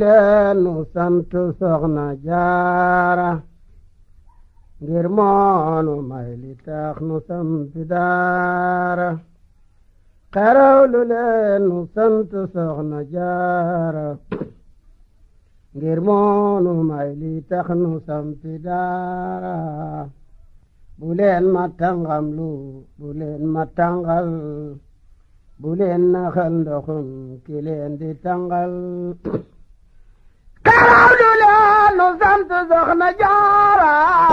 leenu sant soxna jaara ngir moonu may li tax nu sampi daara xeraw lu leenu sant soxna jaara ngir moonu may li tax nu sampi daara bu ma tàngam lu bu ma tàngal bu leen naxal ndoxum ki di tàngal nu sant soxna jaara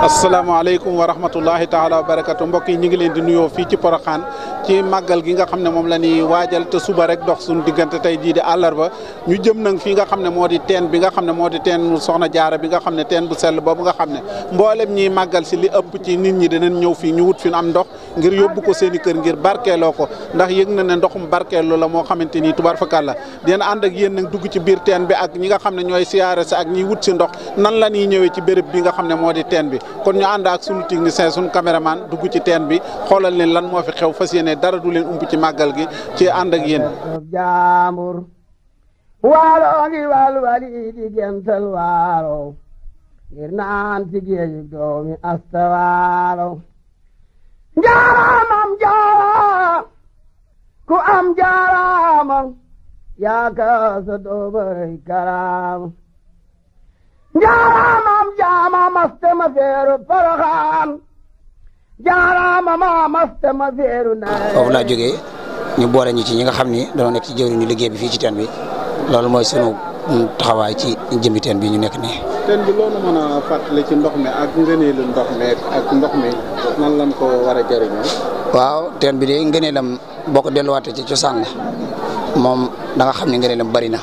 asalaamaaleykum wa rahmatullahi taala wa mbokk yi ñu ngi leen di nuyoo fii ci Porokhane ci màggal gi nga xam ne moom la ñuy waajal te suba rek dox suñu diggante tey jii di àllarba ñu jëm nag fii nga xam ne moo di teen bi nga xam ne moo di teen soxna jaara bi nga xam ne teen bu sell boobu nga xam ne mboolem ñiy màggal si li ëpp ci nit ñi danañ ñëw fii ñu wut fi am ndox ngir yóbbu ko seeni kër ngir barkeeloo ko ndax yëg na ne ndoxum barkeeloo la moo xamante ni tubarfakalla dina ànd ak yéen nag dugg ci biir bi ak ñi nga xam ne ñooy siyaare si ak ñiy wut si ndox nan la ñuy ñëwee ci béréb bi nga xam ne moo di teen bi kon ñu ànd ak sunu technicien sunu caméraman dugg ci teen bi xoolal leen lan moo fi xew fas yéene dara du leen ump ci màggal gi ci ànd ak yéen. jaambur waaloo ngi wal di gental waalo ngir naan ci ku am jaaraamam yaa ka sa jaaraamaam jaama maste ma feeru naa foofu laa jógee ñu boole ñu ci ñi nga xam ni dañoo nekk ci jëwri ñu liggéey bi fii ci teen bi loolu mooy sunu taxawaay ci jëmbi teen bi ñu nekk nii. teen bi loolu mën a fàttali ci ndox mi ak ngëneelu ndox ndox mi nan lañ ko war a jëriñoo. waaw teen bi de ngëneelam boo ko delluwaatee ci cosaan la moom danga xam ne ngëneelam bari na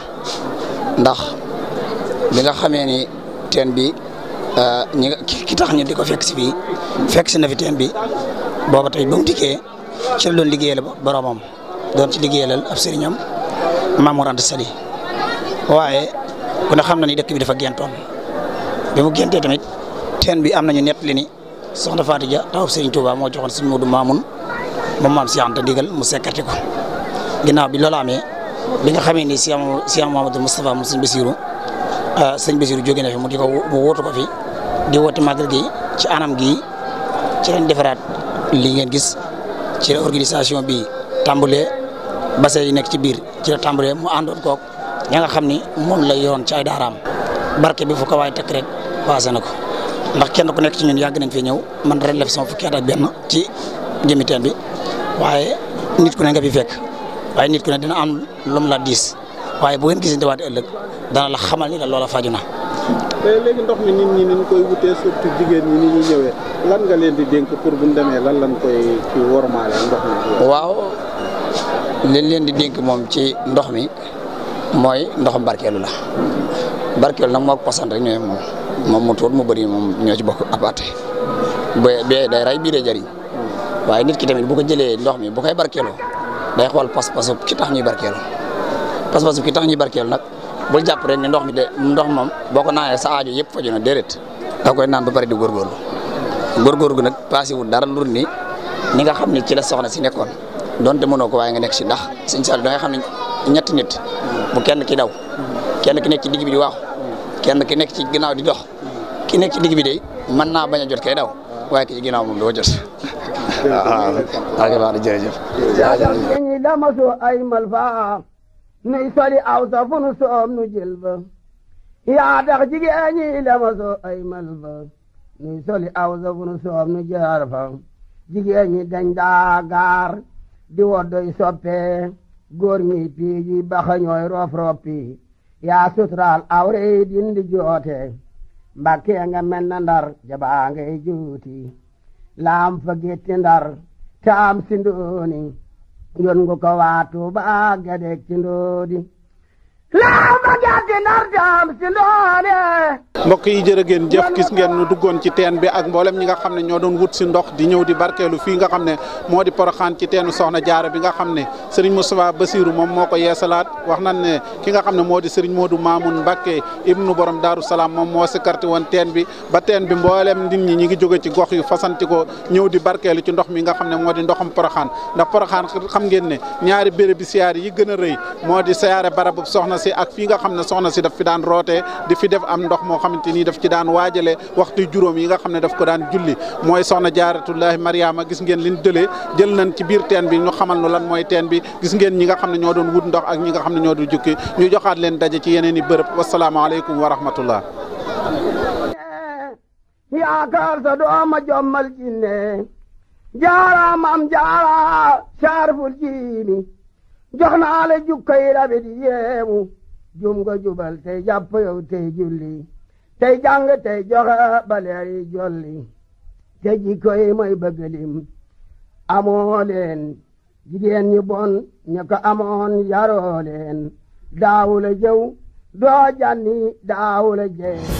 ndax bi nga xamee ni teen bi euh, ñi nga ki tax ñu di ko fekk si fii fekk si na fi teen bi booba tey ba mu dikkee ci la doon liggéeyal boromam doon ci liggéeyalal ab sëriñam Mamour Anta Sali waaye ku ne xam na ni dëkk bi dafa gentoon bi mu gentee tamit teen bi am nañu nett li ni soxna Fatou Dia taw Serigne Touba moo joxoon Serigne Modou Mamoun moom maam Cheikh Anta digal mu sekkati ko ginnaaw bi loola bi nga xamee ni Cheikh Cheikh Mamadou Moustapha mu Serigne Bassirou Euh, sëñ Basiru jóge na fi mu di ko mu wóotu ko fi di woote màggal gi ci anam gi ci leen defaraat lii ngeen gis ci la organisation bi tàmbalee bassin yi nekk ci biir ci la tàmbalee mu àndoon kook ña nga xam ni moom lay yoon ci ay daaraam barke bi fu ko waay takk rek passé na ko ndax kenn ku nekk ci ñun yàgg nañ fee ñëw man ren la fi sama fukki benn ci jëmi teen bi waaye nit ku ne nga fi fekk waaye nit ku ne dina am lu mu la diis waaye bu ngeen gisante waate ëllëg dana la xamal ni la loola faju na. léegi ndox mi nit ñi ni koy wutee surtout jigéen ñi ni ñuy ñëwee lan nga leen di dénk pour bu ñu lan lañ koy ci wormaale ndox mi. waaw leen di dénk moom ci ndox mi mooy ndoxam barkeelu la barkeelu nag moo ko posant rek ñooy moom moom mu tuur mu bëri moom ñoo ci bokk abaate bee day rey biir jariñ waaye nit ki tamit bu ko jëlee ndox mi bu koy barkeeloo day xool pas-pasu ki tax ñuy barkeeloo. pas-pas ki tax ñuy barkeel nag bul jàpp rek ne ndox mi de ndox moom boo ko naanee sa aajo yëpp faju na déedéet da koy naan ba pare di góorgóorlu góorgóorlu gi nag passé wul dara lu ni ni nga xam ne ci la soxna si nekkoon donte mënoo ko waaye nga nekk si ndax si sal da nga xam ne ñetti nit bu kenn ki daw kenn ki nekk ci digg bi di waaxu kenn ki nekk ci ginnaaw di dox ki nekk ci digg bi de mën naa bañ a jot kay daw waaye ki ci moom doo jot waaw waaw nuy soli aw sa fu nu soom nu jël ba yaa tax jigéen ñi soo ay mal ba nuy soli aw sa fu nu soom nu jaar fa dañ daa gaar di woddoy soppee góor ñi pii ji ñooy roof roppi yaa suturaal awre yi dindi joote mbakkee nga mel na ndar jabaa ngay juuti laam fa gétti ndar taam sindooni yoon ngo ka waa Tuuba ga dek ci ndoodi mbokk yi jërë ngeen jëf gis ngeen nu duggoon ci teen bi ak mboolem ñi nga xam ne ñoo doon wut si ndox di ñëw di barkeelu fii nga xam ne moo di poroxaan ci teenu soxna jaara bi nga xam ne sëriñ Moustapha Bassirou moom moo ko yeesalaat wax nañ ne ki nga xam ne moo di sëriñ Modou Mamoun Mbacké ibnu borom Daaru Salaam moom moo si woon teen bi ba teen bi mboolem nit ñi ñi ngi joge ci gox yu fasanti ko ñëw di barkeelu ci ndox mi nga xam ne moo di ndoxam poroxaan ndax poroxaan xam ngeen ne ñaari béréb yi gën a rëy moo di si ak fii nga xam ne soxna si daf fi daan roote di fi def am ndox moo xamante ni daf ci daan waajale waxtu juróom yi nga xam ne daf ko daan julli mooy soxna jaaratullahi mariama gis ngeen lin jëlee jël nañ ci biir teen bi ñu xamal nu lan mooy teen bi gis ngeen ñi nga xam ne ñoo doon wut ndox ak ñi nga xam ne ñoo doon jukki ñu joxaat leen daje ci yeneen i bërëb wasalaamaaleykum wa rahmatullah yaakaar sa dooma jommal jinne jaaraam am jaara saarful jiini jox na la jukkoy rabit yéemu jum nga jubal tey jàpp yow tey julli tey jàng tey joxe baleer jolli te jikko yi mooy bëgg lim amoo bon ñu ko amoon yaroo leen daawu la jëw janni daawu la jëw